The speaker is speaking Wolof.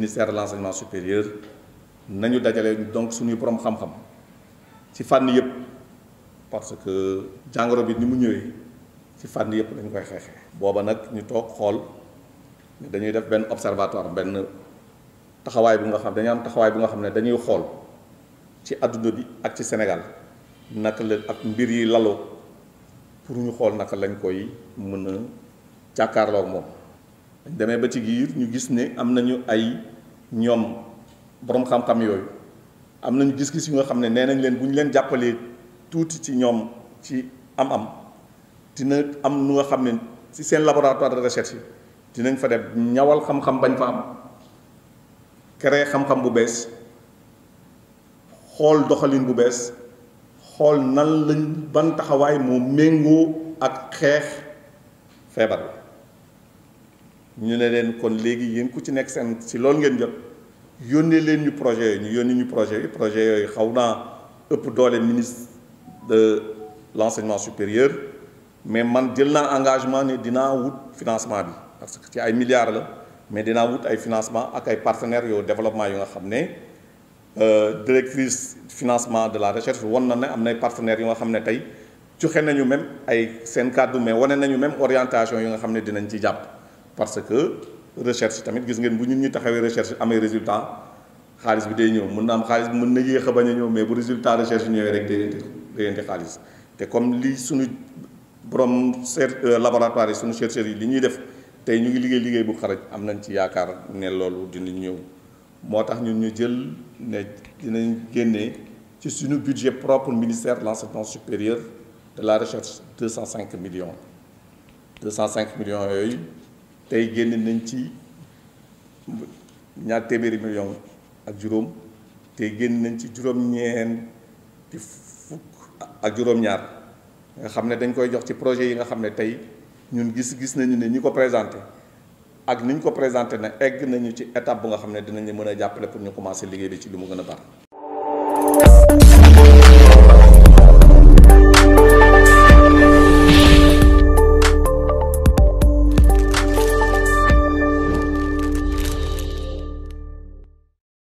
ministère de l'enseignement supérieur nañu dajale donc suñuy borom xam-xam ci fànn yëpp parce que jàngoro bi ni mu ñëwee ci fànn yëpp dañ koy xeexee. booba nag ñu toog xool ne dañuy def benn observatoire benn taxawaay bi nga xam dañu am taxawaay bu nga xam ne dañuy xool ci adduna bi ak ci Sénégal naka la ak mbir yi laloo pour ñu xool naka lañ koy mën a jàkkaarloo moom. demee ba ci giir ñu gis ne am nañu ay ñoom boroom xam-xam yooyu am nañu gis-gis yu nga xam ne nee nañ leen bu ñu leen jàppalee tuuti ci ñoom ci am-am dina am nu nga xam ne ci seen laboratoire de recherche dinañ fa def ñawal xam-xam bañ fa am créer xam-xam bu bees xool doxalin bu bees xool nan lañ ban taxawaay moo méngoo ak xeex feebar ñu ne leen kon léegi yéen ku ci nekk seen si loolu ngeen jël yónnee leen ñu projet yooyu ñu yónnee ñu projet yi projet yooyu xaw naa ëpp doole ministre de l'enseignement supérieur mais man jël naa engagement ne dinaa wut financement bi parce que ci ay milliards la mais dinaa wut ay financement ak ay partenaires yow développement yu nga xam ne euh, directrice financement de la recherche won na ne am nay ay partenaires yu nga xam ne tey joxe nañu même ay seen kàddu mais wane nañu même orientation yu nga xam ne dinañ ci jàpp parce que recherche tamit gis ngeen bu ñun ñu taxawee recherche amee résultat xaalis bi day ñëw mën na am xaalis bi mën na yéex a bañ ñëw mais bu résultat recherche ñëwee rek day leen di day xaalis te comme li suñu borom cher euh, laboratoire yi suñu chercheurs yi li ñuy def tey ñu ngi liggéey liggéey bu xaraj am nañ ci yaakaar ne loolu dinañ ñëw moo tax ñun ñu jël ne dinañ génne ci suñu budget propre ministère de l'enseignement supérieur de la recherche 205 millions 205 millions yooyu tey génn nañ ci ñaar téeméeri million ak juróom tey génn nañ ci juróom-ñeent ci fukk ak juróom-ñaar nga xam ne dañ koy jox ci projet yi nga xam ne tey ñun gis gis nañu ne ñi ko présenté ak ni ñu ko présenté na egg nañu ci étape bu nga xam ne dinañ mën a jàppale pour ñu commencer liggéey bi ci lu mu gën a baax